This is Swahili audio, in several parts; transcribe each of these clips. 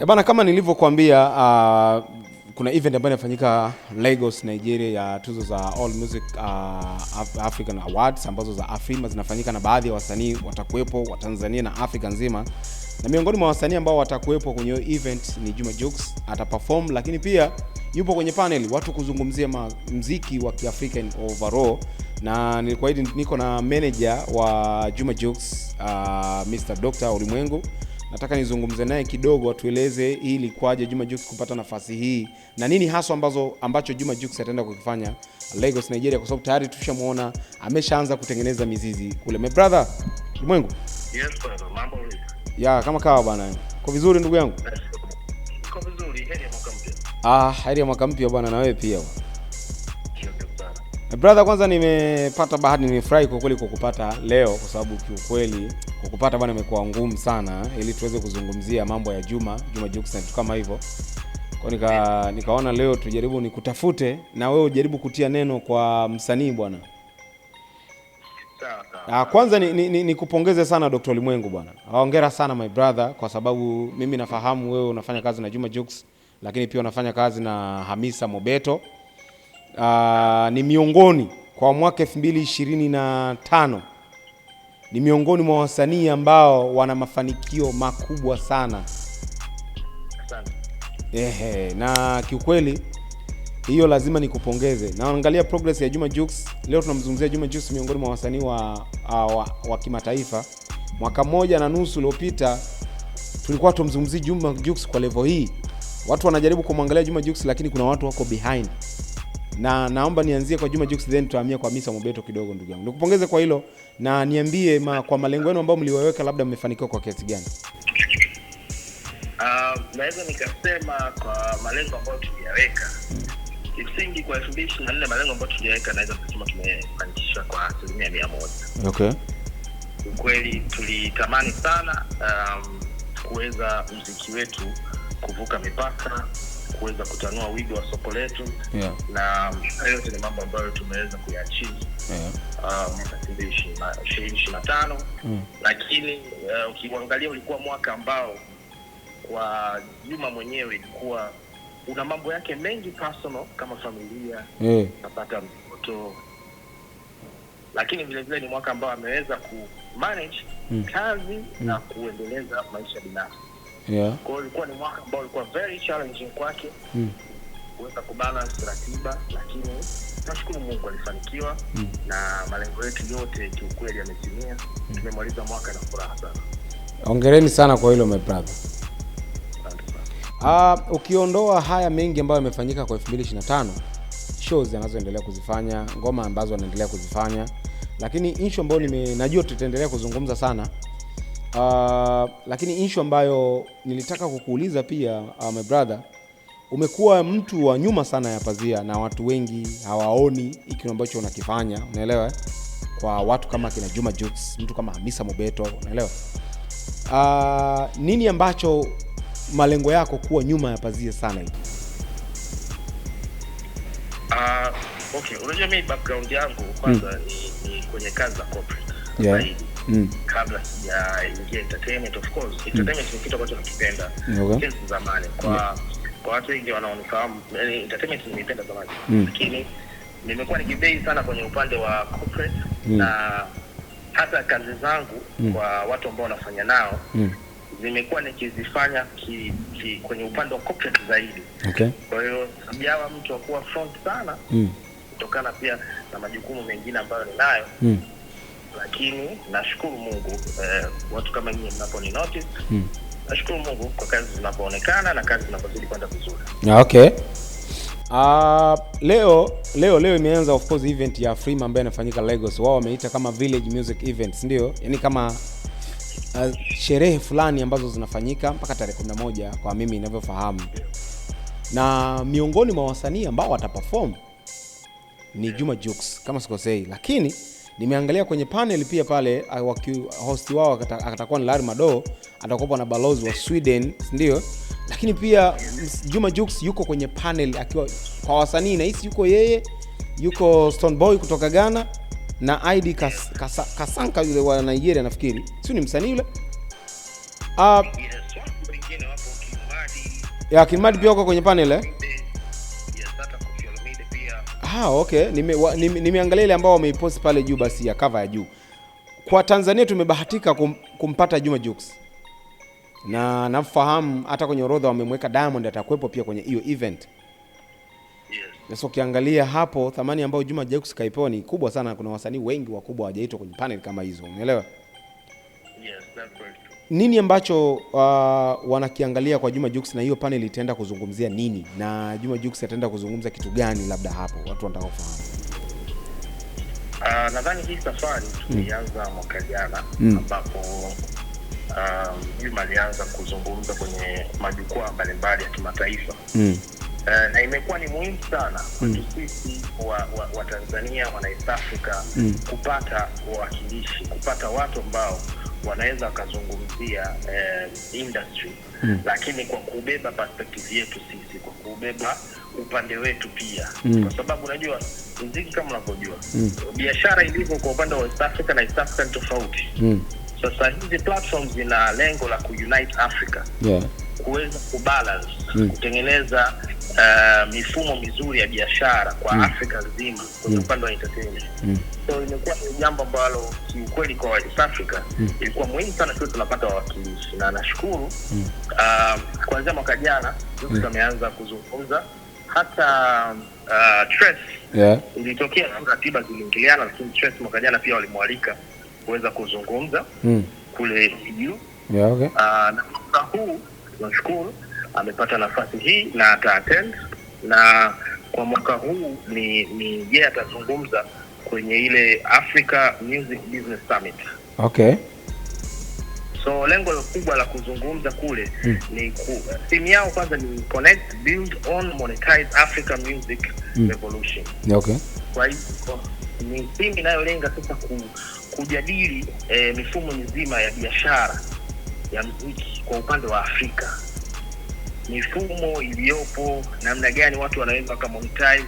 Eh, bana, kama nilivyokuambia uh, kuna event ambayo inafanyika Lagos Nigeria, ya tuzo za All Music uh, African Awards ambazo za Afrima zinafanyika na baadhi ya wasanii watakuwepo wa Tanzania na Afrika nzima, na miongoni mwa wasanii ambao watakuwepo kwenye hiyo event ni Juma Jux ataperform, lakini pia yupo kwenye panel watu kuzungumzia mziki wa Kiafrika overall, na nilikuwa niko na manager wa Juma Jux uh, Mr Dr Ulimwengu nataka nizungumze naye kidogo, atueleze hii ilikuwaje Juma Jux kupata nafasi hii na nini haswa ambazo ambacho Juma Jux ataenda kukifanya Lagos Nigeria, kwa sababu tayari tushamwona ameshaanza kutengeneza mizizi kule. My brother Ulimwengu. Yes brother, mambo vipi? Ya kama kawa bwana. Kwa vizuri ndugu yangu. Kwa vizuri, heri ya mwaka mpya. Ah, heri ya mwaka mpya bwana na wewe pia. Brother, kwanza nimepata bahati, nimefurahi kwa kweli kukupata leo, kwa sababu kiukweli kukupata bwana imekuwa ngumu sana, ili tuweze kuzungumzia mambo ya Juma Juma Jux na vitu kama hivyo. Kwa nika nikaona leo tujaribu nikutafute na wewe ujaribu kutia neno kwa msanii bwana. Ah, kwanza nikupongeze ni, ni, ni sana Dr. Limwengu bwana, hongera sana my brother, kwa sababu mimi nafahamu wewe unafanya kazi na Juma Jux, lakini pia unafanya kazi na Hamisa Mobeto uh, ni miongoni kwa mwaka 2025 ni miongoni mwa wasanii ambao wana mafanikio makubwa sana. Ehe, na kiukweli hiyo lazima nikupongeze. Naangalia progress ya Juma Jux leo, tunamzungumzia Juma Jux miongoni mwa wasanii wa, ah, wa, wa kimataifa. Mwaka mmoja na nusu uliopita tulikuwa tumzungumzii Juma Jux kwa level hii. Watu wanajaribu kumwangalia Juma Jux, lakini kuna watu wako behind na naomba nianzie kwa Juma Jux then tuhamie kwa Misa Mobeto kidogo. Ndugu yangu, nikupongeze kwa hilo na niambie ma, kwa malengo yenu ambayo mliwaweka labda mmefanikiwa kwa kiasi gani? Uh, naweza nikasema kwa malengo ambayo tuliyaweka kimsingi kwa elfu mbili ishirini na nne malengo ambayo tuliyaweka naweza kusema tumefanikisha kwa asilimia mia moja. Okay, ukweli tulitamani sana um, kuweza mziki wetu kuvuka mipaka kuweza kutanua wigo wa soko letu yeah. na um, yote ni mambo ambayo tumeweza kuyachini uh, mwaka elfu ishirini na tano mm. lakini uh, ukiuangalia ulikuwa mwaka ambao kwa Juma mwenyewe ilikuwa una mambo yake mengi personal kama familia yeah. napata mtoto lakini vile vile ni mwaka ambao ameweza ku manage mm. kazi mm. na kuendeleza maisha binafsi Yeah. Kwa hiyo ilikuwa ni mwaka ambao ulikuwa very challenging kwake mm. kubalance ratiba, lakini nashukuru Mungu alifanikiwa mm. na malengo yetu yote kiukweli yametimia. Mm. Tumemaliza mwaka na furaha sana. ongereni sana kwa hilo my Uh, ukiondoa haya mengi ambayo yamefanyika kwa 225 shows anazoendelea kuzifanya, ngoma ambazo anaendelea kuzifanya, lakini nshu ambayo najua tutaendelea kuzungumza sana Uh, lakini issue ambayo nilitaka kukuuliza pia uh, my brother, umekuwa mtu wa nyuma sana ya pazia na watu wengi hawaoni hiki ambacho unakifanya, unaelewa? Kwa watu kama kina Juma Jux, mtu kama Hamisa Mobeto, unaelewa? Uh, nini ambacho malengo yako kuwa nyuma ya pazia sana hivi? Uh, okay, unajua mimi background yangu kwanza hmm, ni, ni kwenye kazi za corporate yeah. Mm. kabla sijaingia entertainment of course mm. entertainment ni kitu ambacho nakipenda since zamani kwa mm. kwa watu wengi wanaonifahamu yani entertainment nimeipenda zamani lakini nimekuwa nikibei sana kwenye upande wa corporate na hata kazi zangu kwa watu ambao wanafanya nao zimekuwa nikizifanya ki, ki, kwenye upande wa corporate zaidi okay. kwa hiyo sijawa mtu wa kuwa front sana mm. kutokana pia na majukumu mengine ambayo ninayo mm lakini nashukuru Mungu eh, watu kama nyinyi mnaponi notice hmm. Nashukuru Mungu kwa kazi zinapoonekana na kazi zinapozidi kwenda vizuri. Ah, okay. Uh, leo leo leo imeanza of course event ya Freema ambayo inafanyika Lagos. Wao wameita kama village music events, ndio yaani kama uh, sherehe fulani ambazo zinafanyika mpaka tarehe 11 kwa mimi inavyofahamu, na miongoni mwa wasanii ambao wataperform ni Juma Jux kama sikosei, lakini Nimeangalia kwenye panel pia pale host wao akatakuwa ni Larry Mado, atakuwa na balozi wa Sweden, ndio. Lakini pia Juma Jux yuko kwenye panel akiwa kwa wasanii, nahisi yuko yeye, yuko Stone Boy kutoka Ghana na ID Kas, Kas, Kasanka yule wa Nigeria nafikiri, sio ni msanii yule uh, ya Kimadi pia uko kwenye panel eh? Ah, okay. wa, nime, nime ile ambao wameipost pale juu basi ya cover ya juu. Kwa Tanzania tumebahatika kum, kumpata Juma Jux. Na nafahamu hata kwenye orodha wamemweka Diamond atakuwepo pia kwenye hiyo event. Yes. Ukiangalia hapo thamani ambayo Juma Jux kaipewa ni kubwa sana. Kuna wasanii wengi wakubwa hawajaitwa kwenye panel kama hizo. unaelewa Yes, that's right nini ambacho uh, wanakiangalia kwa Juma Jux na hiyo panel itaenda kuzungumzia nini, na Juma Jux ataenda kuzungumza kitu gani? Labda hapo watu wanataka kufahamu. Uh, nadhani hii safari tulianza hmm. mm. mwaka jana mm. ambapo uh, Juma alianza kuzungumza kwenye majukwaa mbalimbali ya kimataifa mm. Uh, na imekuwa ni muhimu sana mm. sisi wa, wa, wa Tanzania wana East Africa mm. kupata wawakilishi, kupata watu ambao wanaweza wakazungumzia eh, industry mm. Lakini kwa kubeba perspective yetu sisi, kwa kubeba upande wetu pia mm. Kwa sababu unajua mziki kama unavyojua mm. biashara ilivyo kwa upande wa East Africa na East Africa ni tofauti mm. Sasa hizi platforms zina lengo la kuunite Africa yeah kuweza kubalance mm. kutengeneza uh, mifumo mizuri ya biashara kwa mm. Afrika nzima kwenye hmm. upande wa entertainment mm. so imekuwa ni jambo ambalo kiukweli kwa West Africa mm. ilikuwa muhimu sana, sio tunapata wawakilishi na nashukuru mm. uh, kuanzia mwaka jana mm. tumeanza kuzungumza hata uh, Trace yeah. ilitokea ratiba ziliingiliana, lakini Trace mwaka jana pia walimwalika kuweza kuzungumza mm. kule yeah, okay. uh, na huu tunashukuru amepata nafasi hii na ataattend, na kwa mwaka huu ni ni je, yeah, atazungumza kwenye ile Africa Music Business Summit. Okay. So lengo kubwa la kuzungumza kule mm. ni ku, theme yao kwanza ni connect build on monetize Africa music mm. revolution. Okay. Kwa hiyo ni theme inayolenga sasa ku, kujadili eh, mifumo mizima ya biashara ya mziki kwa upande wa Afrika, mifumo iliyopo, namna gani watu wanaweza wakamonetize,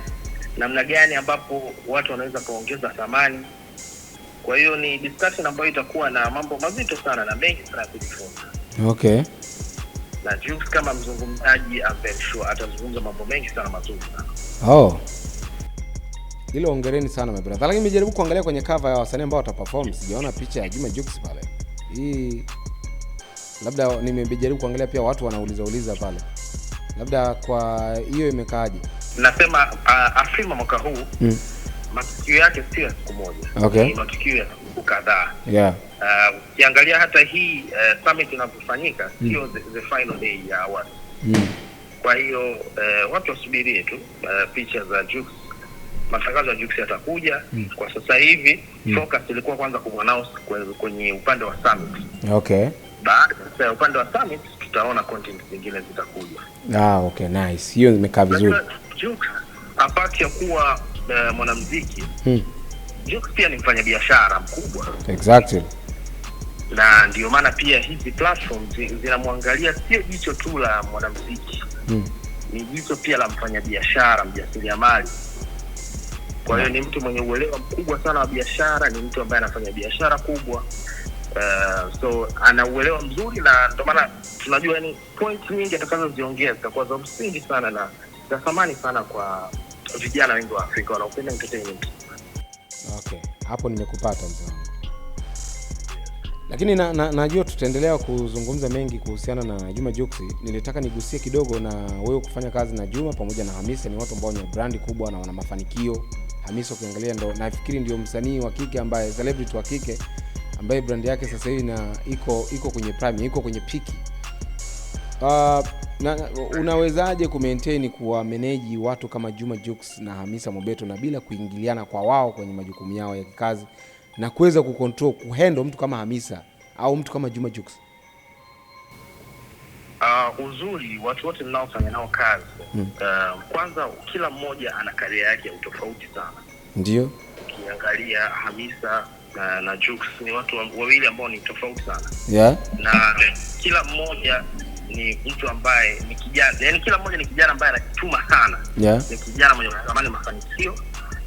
namna gani ambapo watu wanaweza wakaongeza thamani. Kwa hiyo ni discussion ambayo itakuwa na mambo mazito sana na mengi sana kujifunza. Okay, na Jux kama mzungumzaji, sure atazungumza mambo mengi sana mazuri sana. Oh. Hilo hongereni sana my brother. Lakini nimejaribu kuangalia kwenye cover ya wasanii ambao wataperform, sijaona picha ya Juma Jux pale. Hii labda nimejaribu kuangalia pia watu wanauliza uliza pale, labda kwa hiyo imekaaje? Nasema uh, Afrima mwaka huu mm. matukio yake sio ya siku moja, okay. ni matukio ya siku kadhaa yeah. Ah, ukiangalia hata hii uh, summit inavyofanyika mm. sio the, the final day ya awali mm. kwa hiyo uh, watu wasubirie tu uh, picha za Jux matangazo ya Jux yatakuja mm. Kwa sasa hivi mm. focus ilikuwa kwanza kuannounce kwenye upande wa summit. Okay baada ya upande wa summit tutaona content zingine zitakuja. Ah, okay nice, hiyo imekaa vizuri. Apart ya kuwa uh, mwanamuziki hmm. Jux pia ni mfanyabiashara mkubwa exactly, na ndio maana pia hizi platforms zinamwangalia sio jicho tu la mwanamuziki hmm. Ni jicho pia la mfanyabiashara, mjasiriamali kwa hiyo hmm. ni mtu mwenye uelewa mkubwa sana wa biashara, ni mtu ambaye anafanya biashara kubwa Eh, so ana uelewa mzuri na ndio maana tunajua yani point nyingi atakazoziongea zitakuwa za msingi sana na za thamani sana kwa vijana wengi wa Afrika wanaopenda entertainment. Okay, hapo nimekupata mzee. Lakini na, na, najua tutaendelea kuzungumza mengi kuhusiana na Juma juksi Nilitaka nigusie kidogo na wewe kufanya kazi na Juma pamoja na Hamisa, ni watu ambao ni brandi kubwa na wana mafanikio. Hamisa ukiangalia ndo nafikiri ndio msanii wa kike ambaye celebrity wa kike ambaye brand yake sasa hivi na iko iko kwenye prime, iko kwenye piki uh, ah, na unawezaje maintain kuwa manage watu kama Juma Jux na Hamisa Mobeto na bila kuingiliana kwa wao kwenye majukumu yao ya kikazi na kuweza ku handle mtu kama Hamisa au mtu kama Juma Jux? Uh, uzuri watu wote mnaofanya nao kazi hmm. Uh, kwanza kila mmoja ana karia yake ya utofauti sana, ndio ukiangalia Hamisa na, na Jux ni watu wawili ambao ni tofauti sana yeah. na kila mmoja ni mtu ambaye ni kijana yani, kila mmoja ni kijana ambaye anajituma sana yeah. ni kijana mwenye anatamani mafanikio,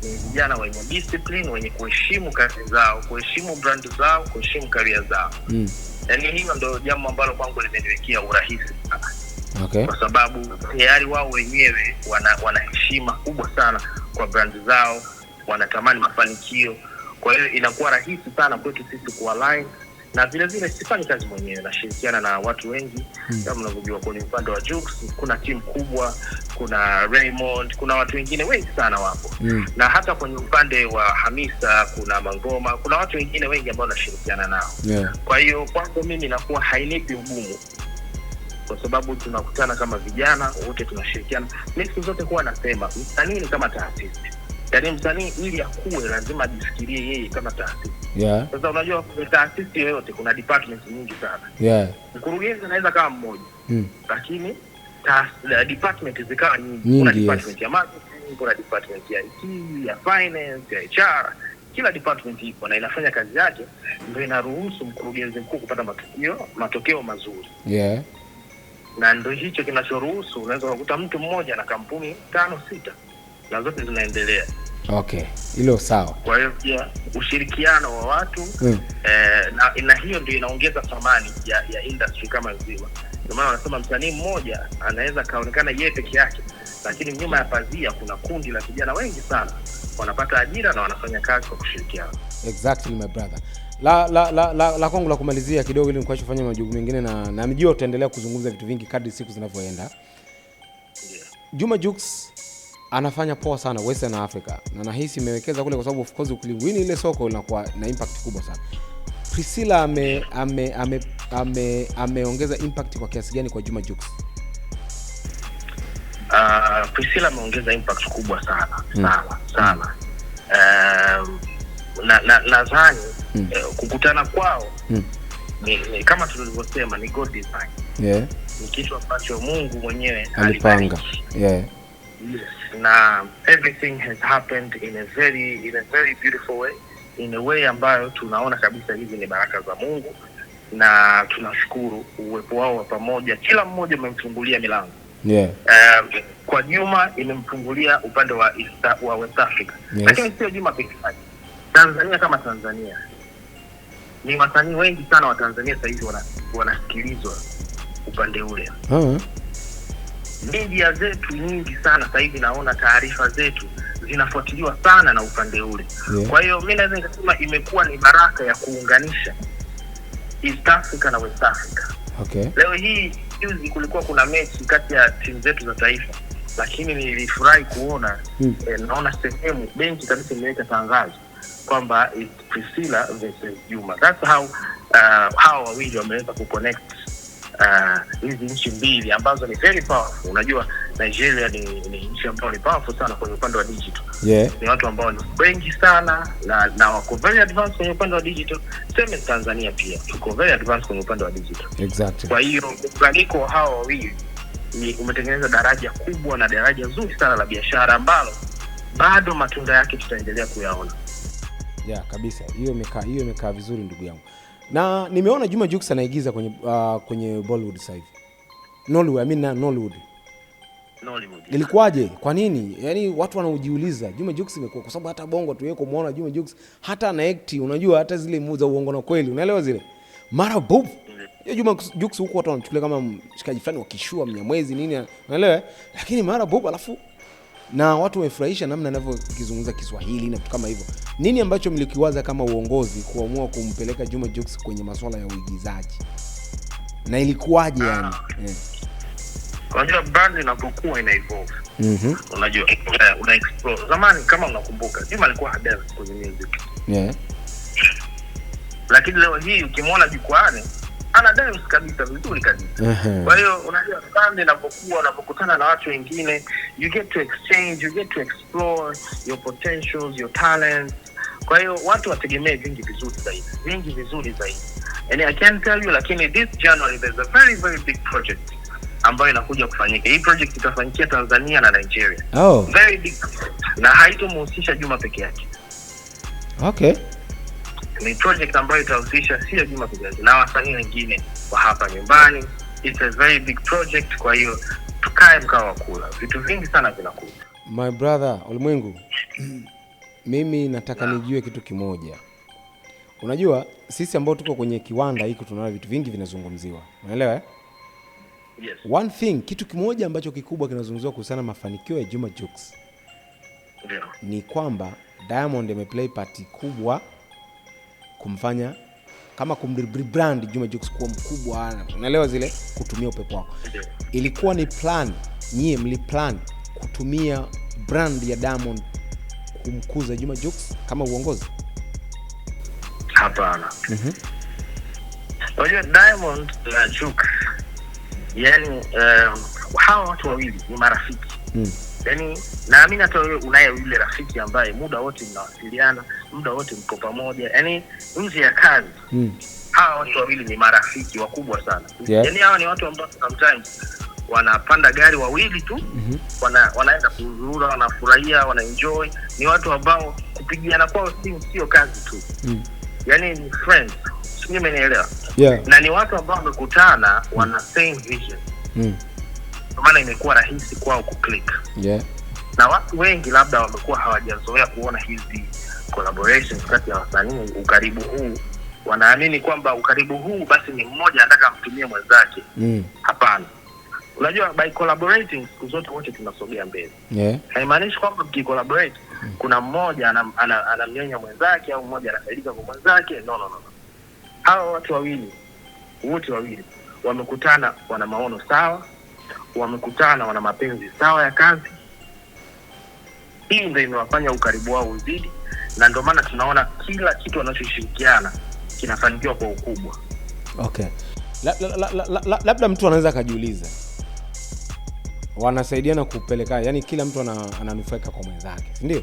ni vijana wenye discipline, wenye kuheshimu kazi zao, kuheshimu brand zao, kuheshimu karia zao mm. Yani hiyo ndio jambo ambalo kwangu limeniwekea urahisi sana okay. kwa sababu tayari wao wenyewe wana, wana heshima kubwa sana kwa brand zao, wanatamani mafanikio kwa hiyo inakuwa rahisi sana kwetu sisi kualign na vile vile sifanyi kazi mwenyewe, nashirikiana na watu wengi hmm. Kama mnavyojua kwenye upande wa Jux kuna timu kubwa, kuna Raymond, kuna watu wengine wengi sana wapo hmm. Na hata kwenye upande wa Hamisa kuna Mangoma, kuna watu wengine wengi ambao nashirikiana nao yeah. Kwa hiyo kwangu mimi nakuwa hainipi ugumu kwa sababu tunakutana kama vijana wote tunashirikiana. Mi siku zote huwa nasema msanii ni kama taasisi yani msanii ili akuwe lazima ajifikirie yeye kama taasisi. Yeah. Sasa unajua kwenye taasisi yoyote kuna departments nyingi sana. Yeah. Mkurugenzi anaweza kawa mmoja. Mm. Lakini ta, department zikawa nyingi. Nyingi, kuna department yes. ya marketing, kuna department ya IT, ya finance, ya HR. Kila department ipo na inafanya kazi yake, ndio inaruhusu mkurugenzi mkuu kupata matukio, matokeo mazuri. Yeah. Na ndio hicho kinachoruhusu unaweza kukuta mtu mmoja na kampuni tano sita na zote zinaendelea. Okay, hilo sawa. Kwa hiyo pia ushirikiano wa watu mm. eh, na, na hiyo ndio inaongeza thamani ya, ya industry kama nzima. Ndio maana wanasema msanii mmoja anaweza akaonekana yeye peke yake, lakini nyuma ya pazia kuna kundi la vijana wengi sana wanapata ajira na wanafanya kazi kwa kushirikiana. Exactly my brother. La la la la, la kwangu la kumalizia kidogo, ili nikuache kufanya majukumu mengine, na namjua utaendelea kuzungumza vitu vingi kadri siku zinavyoenda. Yeah. Juma Jux anafanya poa sana Western Africa, na nahisi imewekeza kule, kwa sababu of course ukiliwini ile soko inakuwa na impact kubwa sana. Priscilla ame ame ame ameongeza ame impact kwa kiasi gani kwa Juma Jux? Uh, Priscilla ameongeza impact kubwa sana mm. sana sana um, na nadhani na mm. eh, kukutana kwao mm. ni, ni, kama tulivyosema ni God design yeah. ni kitu ambacho Mungu mwenyewe alipanga yeah. yes na everything has happened in a very, in a very beautiful way, in a way ambayo tunaona kabisa hizi ni baraka za Mungu na tunashukuru uwepo wao wa pamoja. Kila mmoja umemfungulia milango yeah. Um, kwa Juma imemfungulia upande wa East, wa West Africa yes. Lakini sio Juma peke Tanzania kama Tanzania ni wasanii wengi sana wa Tanzania sasa wanasikilizwa upande ule uh -huh media zetu nyingi sana sasa hivi naona taarifa zetu zinafuatiliwa sana na upande ule yeah. Kwa hiyo mi naweza nikasema imekuwa ni baraka ya kuunganisha East Africa na West Africa. Okay. Leo hii juzi kulikuwa kuna mechi kati ya timu zetu za taifa, lakini nilifurahi kuona hmm. Eh, naona sehemu benki kabisa imeweka tangazo kwamba Priscilla versus Juma. That's how uh, ah, hawa wawili wameweza kuconnect Uh, hizi uh, nchi mbili ambazo ni very powerful. Unajua Nigeria ni, ni nchi ambayo ni powerful sana kwenye upande wa digital yeah. Ni watu ambao ni wengi sana na, na wako very advanced kwenye upande wa digital. Sema Tanzania pia tuko very advanced kwenye upande wa digital exactly. Kwa hiyo muunganiko wa hawa wawili ni umetengeneza daraja kubwa na daraja zuri sana la biashara ambalo bado matunda yake tutaendelea kuyaona. Yeah, kabisa hiyo imekaa hiyo imekaa vizuri ndugu yangu na nimeona Juma Jux anaigiza kwenye, uh, kwenye Bollywood sasa hivi Nollywood, I mean Nollywood. Nollywood. Ilikuwaje? Kwa nini? Yaani watu wanaojiuliza Juma Jux imekuwa kwa sababu hata bongo tu yeko muona Juma Jux hata ana act, unajua hata zile move za uongo na kweli, unaelewa zile. Mara bob. Hiyo Juma Jux huko watu wanachukulia kama mshikaji fulani wakishua mnyamwezi nini, unaelewa? Lakini mara bob alafu na watu wamefurahisha namna anavyokizungumza Kiswahili na vitu kama hivyo. Nini ambacho mlikiwaza kama uongozi kuamua kumpeleka Juma Jux kwenye masuala ya uigizaji na ilikuwaje? Ah. Yani eh. unajua brand inapokuwa ina evolve, mhm. unajua una explore. Zamani kama unakumbuka, Juma alikuwa hadance kwenye music, yeah, lakini leo hii ukimwona jukwaani ana dance kabisa vizuri kabisa. Kwa hiyo unajua Sunday inapokuwa unapokutana na watu wengine, you get to exchange, you get to explore your potentials, your talents. Kwa hiyo watu wategemee vingi vizuri zaidi, vingi vizuri zaidi, and I can tell you, lakini this January there's a very very big project ambayo inakuja kufanyika. Hii project itafanyikia Tanzania na Nigeria. Oh. Very big, na haitomhusisha Juma peke yake. Okay ni project ambayo itahusisha sio Juma peke na wasanii wengine wa hapa nyumbani. It's a very big project, kwa hiyo tukae mkao wa kula, vitu vingi sana vinakuja. My brother Ulimwengu, mimi nataka yeah, nijue kitu kimoja. Unajua sisi ambao tuko kwenye kiwanda hiki tunaona vitu vingi vinazungumziwa, unaelewa eh? Yes. One thing, kitu kimoja ambacho kikubwa kinazungumziwa kuhusiana na mafanikio ya Juma Jux yeah, ni kwamba Diamond ameplay part kubwa kumfanya kama kumrebrand Juma Jux kuwa mkubwa, unaelewa zile, kutumia upepo wako. Ilikuwa ni plan, nyie mliplan kutumia brand ya Diamond kumkuza Juma Jux kama uongozi? Hapana. mm-hmm. Unajua Diamond na Jux, yani eh, hawa watu wawili ni marafiki mm yani naamini hata wewe unaye yule rafiki ambaye muda wote mnawasiliana, muda wote mko pamoja, yani nje ya kazi mm. hawa watu wawili ni marafiki wakubwa sana yeah. Yani hawa ni watu ambao sometimes wanapanda gari wawili tu mm -hmm. wana, wanaenda kuzurura, wanafurahia, wanaenjoy. Ni watu ambao kupigiana kwao simu sio kazi tu mm. yani ni friends, sijui umenielewa? yeah. na ni watu ambao wamekutana wana same vision mm maana imekuwa rahisi kwao kuclick yeah. na watu wengi labda wamekuwa hawajazoea kuona hizi collaborations kati ya wasanii ukaribu huu wanaamini kwamba ukaribu huu basi ni mmoja anataka amtumie mwenzake mm. hapana unajua by collaborating siku zote wote tunasogea mbele yeah. haimaanishi kwamba mki mm. kuna mmoja anamnyonya ana, ana mwenzake au mmoja anafaidika kwa mwenzake no, no, no. hawa watu wawili wote wawili wamekutana wana maono sawa wamekutana, wana mapenzi sawa ya kazi. Hii ndio imewafanya ukaribu wao uzidi, na ndio maana tunaona kila kitu wanachoshirikiana kinafanikiwa kwa ukubwa. Okay, labda la, la, la, la, la, mtu anaweza akajiuliza wanasaidiana kupeleka, yani kila mtu ananufaika kwa mwenzake, si ndio?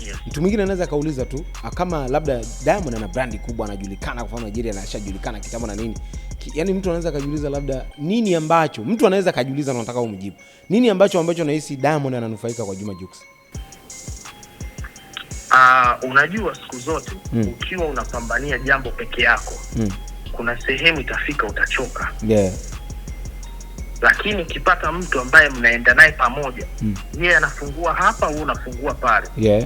Yes. Mtu mwingine anaweza akauliza tu ah, kama labda Diamond ana brandi kubwa, anajulikana kwa mfano Nigeria, anashajulikana kitambo na nini, yani mtu anaweza kajiuliza labda nini ambacho mtu anaweza kajiuliza, nataka umjibu nini ambacho ambacho nahisi Diamond ananufaika kwa Juma Jux. Uh, unajua siku zote mm. ukiwa unapambania jambo peke yako mm. kuna sehemu itafika utachoka, yeah. Lakini ukipata mtu ambaye mnaenda naye pamoja mm. yeye anafungua hapa, wewe unafungua pale, yeah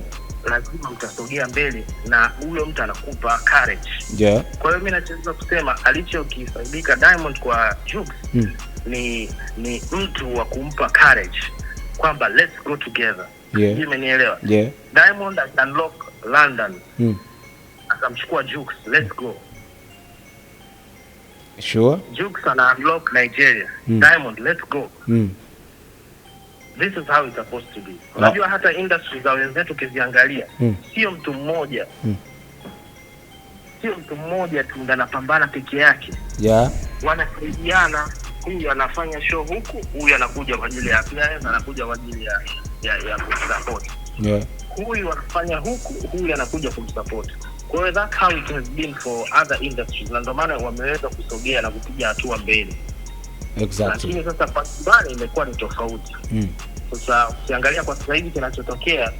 lazima mtasogea mbele na huyo mtu anakupa courage. Yeah. Kwa hiyo mi nachoweza kusema alichokifaidika Diamond kwa Jux mm. ni ni mtu wa kumpa courage kwamba let's go together. Yeah. Imenielewa? Yeah. Diamond unlock London mm. akamchukua Jux, let's go. Sure. Jux ana unlock Nigeria mm. Diamond let's go mm this is how it's supposed to be. Unajua no. hata industry za wenzetu ukiziangalia mm. sio mtu mmoja mm. sio mtu mmoja tu ndo anapambana peke yake yeah. wanasaidiana, huyu anafanya show huku, huyu anakuja kwa ajili ya appearance, anakuja kwa ajili ya ya, ya support yeah. huyu anafanya huku, huyu anakuja kumsupport. Kwa hiyo that's how it has been for other industries, na ndio maana wameweza kusogea na kupiga hatua mbele exactly. Lakini sasa kwa nyumbani imekuwa ni tofauti mm. Sasa ukiangalia kwa sasa hivi kinachotokea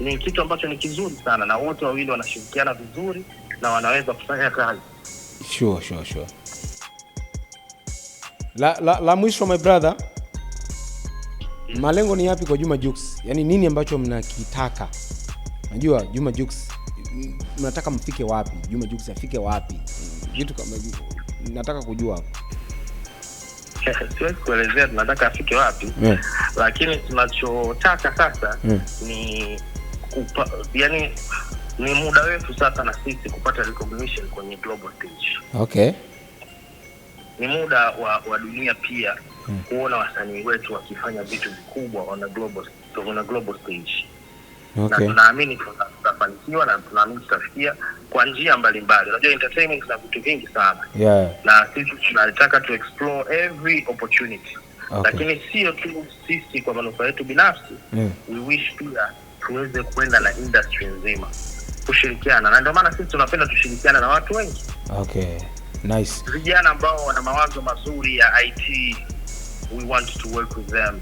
ni kitu ambacho ni kizuri sana, na wote wawili wanashirikiana vizuri na wanaweza kufanya kazi sure, sure, sure. La, la, la mwisho my brother mm. Malengo ni yapi kwa Juma Jux? Yaani nini ambacho mnakitaka? Najua Juma Jux mnataka mfike wapi? Juma Jux afike wapi? Vitu kama nataka kujua hapo siwezi kuelezea tunataka afike wapi yeah. Lakini tunachotaka sasa yeah. ni kupa, yani ni muda wetu sasa na sisi kupata recognition kwenye global stage. Okay. Ni muda wa, wa dunia pia hmm. kuona wasanii wetu wakifanya vitu vikubwa on a global, on a global stage okay. na tunaamini tutafanikiwa na tunaamini tutafikia kwa njia mbalimbali. Unajua entertainment na vitu vingi sana yeah. na sisi tunataka to explore every opportunity okay. Lakini sio tu sisi kwa manufaa yetu binafsi mm. we wish pia tuweze kuenda na industry nzima kushirikiana, na ndio maana sisi tunapenda tushirikiana na watu wengi okay. Nice. Vijana ambao wana mawazo mazuri ya IT, we want to work with them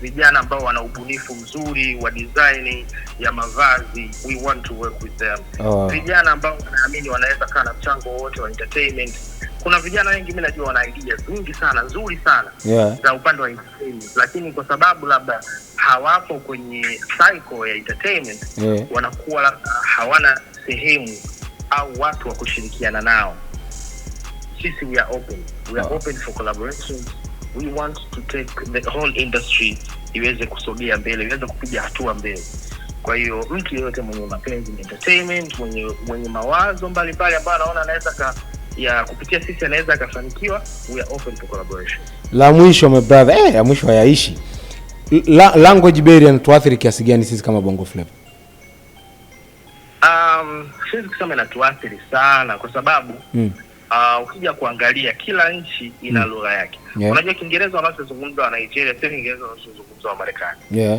vijana ambao wana ubunifu mzuri wa design ya mavazi, we want to work with them. Oh. Vijana ambao wanaamini wanaweza kaa na mchango wote wa entertainment. Kuna vijana wengi mimi najua wana ideas nyingi sana nzuri sana yeah, za upande wa entertainment, lakini kwa sababu labda hawapo kwenye cycle ya entertainment yeah, wanakuwa labda hawana sehemu au watu wa kushirikiana nao. Sisi we are open, we are oh, open for collaborations we want to take the whole industry iweze kusogea mbele iweze kupiga hatua mbele kwa hiyo mtu yeyote mwenye mapenzi entertainment mwenye mwenye mawazo mbalimbali ambayo anaona anaweza ka ya kupitia sisi anaweza akafanikiwa we are open to collaboration la mwisho my brother eh ya mwisho hayaishi la, language barrier inatuathiri kiasi gani sisi kama bongo flava um siwezi kusema inatuathiri sana kwa sababu mm uh, ukija kuangalia kila nchi ina mm. lugha yake yeah. Unajua Kiingereza wanachozungumza wa Nigeria sio Kiingereza wanachozungumza wa Marekani yeah.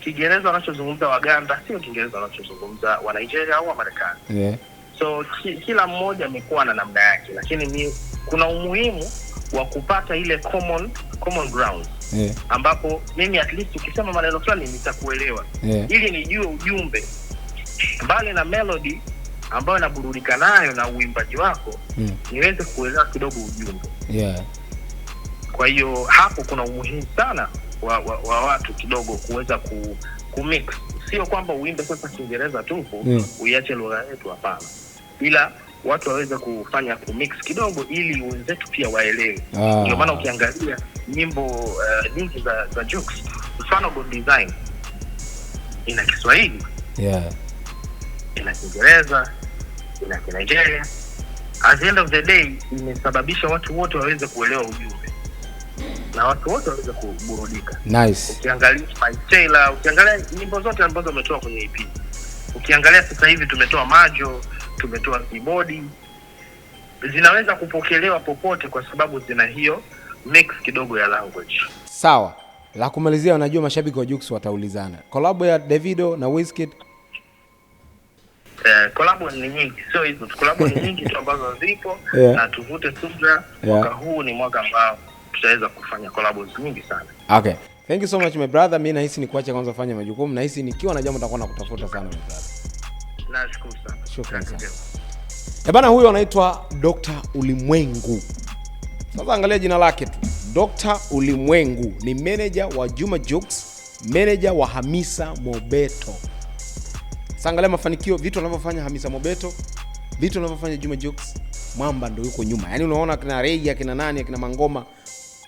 Kiingereza wanachozungumza Waganda sio Kiingereza wanachozungumza wa Nigeria au wa Marekani yeah. So ki, kila mmoja amekuwa na namna yake, lakini mi, kuna umuhimu wa kupata ile common common ground yeah. ambapo mimi at least ukisema maneno fulani nitakuelewa yeah. ili nijue ujumbe, mbali na melody ambayo naburudika nayo na uimbaji wako mm. niweze kuelewa kidogo ujumbe yeah. Kwa hiyo hapo kuna umuhimu sana wa, wa, wa watu kidogo kuweza ku, ku mix. Sio kwamba uimbe sasa Kiingereza tu mm. uiache lugha yetu, hapana, ila watu waweze kufanya ku kidogo, ili wenzetu pia waelewe. Ah. Ndio maana ukiangalia nyimbo uh, za za mfano Design ina Kiswahili yeah kina Kiingereza, kina Kinigeria. At the end of the day imesababisha watu wote waweze kuelewa ujumbe na watu wote waweze kuburudika. Nice. Ukiangalia My Taylor, ukiangalia nyimbo zote ambazo ametoa kwenye EP, ukiangalia sasa hivi tumetoa Majo, tumetoa Kibodi, zinaweza kupokelewa popote kwa sababu zina hiyo mix kidogo ya language. Sawa, la kumalizia, wanajua mashabiki wa Jux wataulizana, kolabo ya Davido na Wizkid Eh, kolabo ni nyingi, sio hizo tu, kolabo ni nyingi tu ambazo zipo yeah. na tuvute subra yeah. mwaka huu ni mwaka ambao tutaweza kufanya kolabo nyingi sana. Okay, thank you so much my brother. Mimi nahisi ni kuacha kwanza fanya majukumu, nahisi nikiwa na jambo nitakuwa nakutafuta sana my brother. Nashukuru sana, shukrani sana. Eh bana, huyo anaitwa Dr. Ulimwengu. Sasa angalia jina lake tu, Dr. Ulimwengu ni manager wa Juma Jux, manager wa Hamisa Mobeto. Sangalia mafanikio, vitu anavyofanya Hamisa Mobeto, vitu anavyofanya Juma Jokes, mwamba ndio yuko nyuma. yani unaona akina Regi, akina nani, akina Mangoma,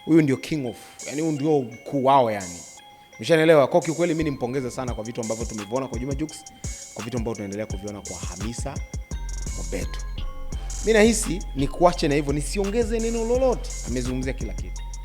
huyu ndio king of. yani huyu ndio mkuu wao yani. Umeshanielewa? Kwa kiukweli mimi nimpongeze sana kwa vitu ambavyo tumeviona kwa Juma Jokes, kwa vitu ambavyo tunaendelea kuviona kwa Hamisa Mobeto. Mimi nahisi ni kuache na hivyo nisiongeze neno lolote. Amezungumzia kila kitu.